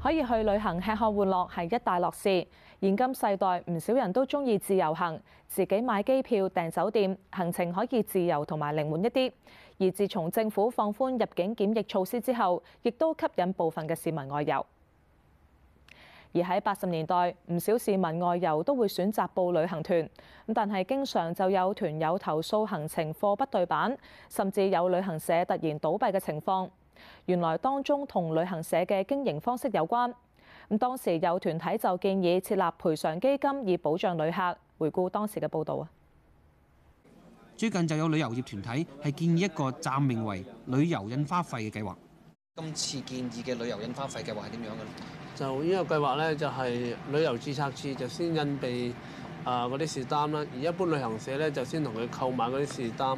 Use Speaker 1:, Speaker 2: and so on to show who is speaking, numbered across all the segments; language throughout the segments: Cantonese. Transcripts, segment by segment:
Speaker 1: 可以去旅行吃喝玩樂，係一大樂事。現今世代唔少人都中意自由行，自己買機票訂酒店，行程可以自由同埋靈活一啲。而自從政府放寬入境檢疫措施之後，亦都吸引部分嘅市民外遊。而喺八十年代，唔少市民外遊都會選擇報旅行團，咁但係經常就有團友投訴行程貨不對版，甚至有旅行社突然倒閉嘅情況。原來當中同旅行社嘅經營方式有關。咁當時有團體就建議設立賠償基金以保障旅客。回顧當時嘅報導啊。
Speaker 2: 最近就有旅遊業團體係建議一個暫名為旅遊印花費嘅計劃。今次建議
Speaker 3: 嘅旅遊印花費計劃係點樣嘅呢？就呢個計劃咧，就係旅遊註冊處就先印備啊嗰啲士擔啦，而一般旅行社咧就先同佢購買嗰啲士擔。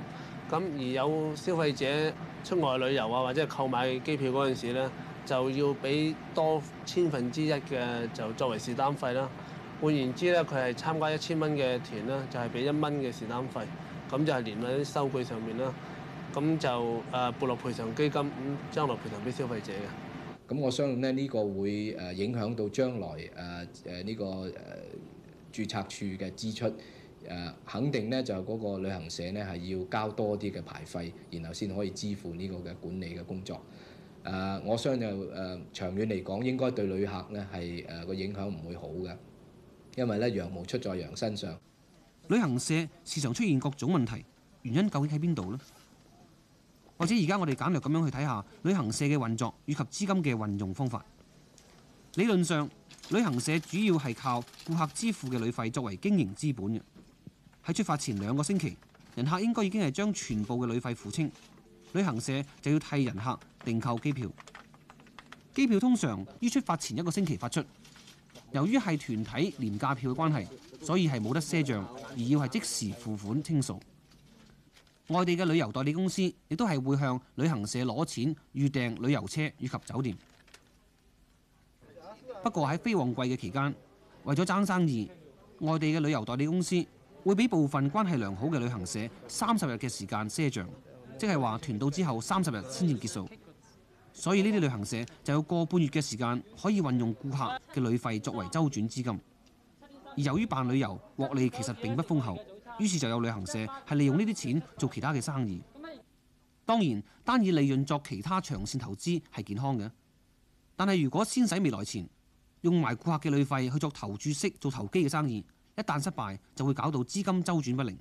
Speaker 3: 咁而有消費者出外旅遊啊，或者購買機票嗰陣時咧，就要俾多千分之一嘅就作為是單費啦。換言之咧，佢係參加一千蚊嘅團啦，就係俾一蚊嘅是單費，咁就係連喺啲收據上面啦，啊。咁就誒撥落賠償基金，咁將來賠償俾消費者嘅。
Speaker 4: 咁我相信咧呢個會誒影響到將來誒誒呢個誒註冊處嘅支出。誒肯定呢，就嗰個旅行社呢，係要交多啲嘅牌費，然後先可以支付呢個嘅管理嘅工作。誒，我相信誒長遠嚟講，應該對旅客呢，係誒個影響唔會好嘅，因為呢，羊毛出在羊身上。
Speaker 2: 旅行社時常出現各種問題，原因究竟喺邊度呢？或者而家我哋簡略咁樣去睇下旅行社嘅運作以及資金嘅運用方法。理論上，旅行社主要係靠顧客支付嘅旅費作為經營資本嘅。喺出發前兩個星期，人客應該已經係將全部嘅旅費付清，旅行社就要替人客訂購機票。機票通常於出發前一個星期發出。由於係團體廉價票嘅關係，所以係冇得賒賬，而要係即時付款清數。外地嘅旅遊代理公司亦都係會向旅行社攞錢預訂旅遊車以及酒店。不過喺非旺季嘅期間，為咗爭生意，外地嘅旅遊代理公司會俾部分關係良好嘅旅行社三十日嘅時間賒賬，即係話團到之後三十日先至結束。所以呢啲旅行社就有個半月嘅時間可以運用顧客嘅旅費作為周轉資金。而由於辦旅遊獲利其實並不豐厚，於是就有旅行社係利用呢啲錢做其他嘅生意。當然，單以利潤作其他長線投資係健康嘅，但係如果先使未來錢用埋顧客嘅旅費去做投注式做投機嘅生意。一旦失敗，就會搞到資金周轉不靈。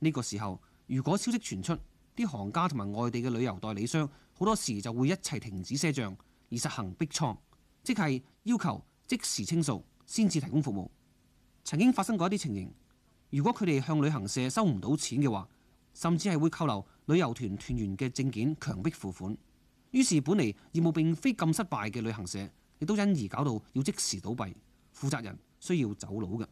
Speaker 2: 呢個時候，如果消息傳出，啲行家同埋外地嘅旅遊代理商好多時就會一齊停止賒賬而實行逼倉，即係要求即時清數先至提供服務。曾經發生過一啲情形，如果佢哋向旅行社收唔到錢嘅話，甚至係會扣留旅遊團團員嘅證件，強迫付款。於是本嚟業務並非咁失敗嘅旅行社，亦都因而搞到要即時倒閉，負責人需要走佬嘅。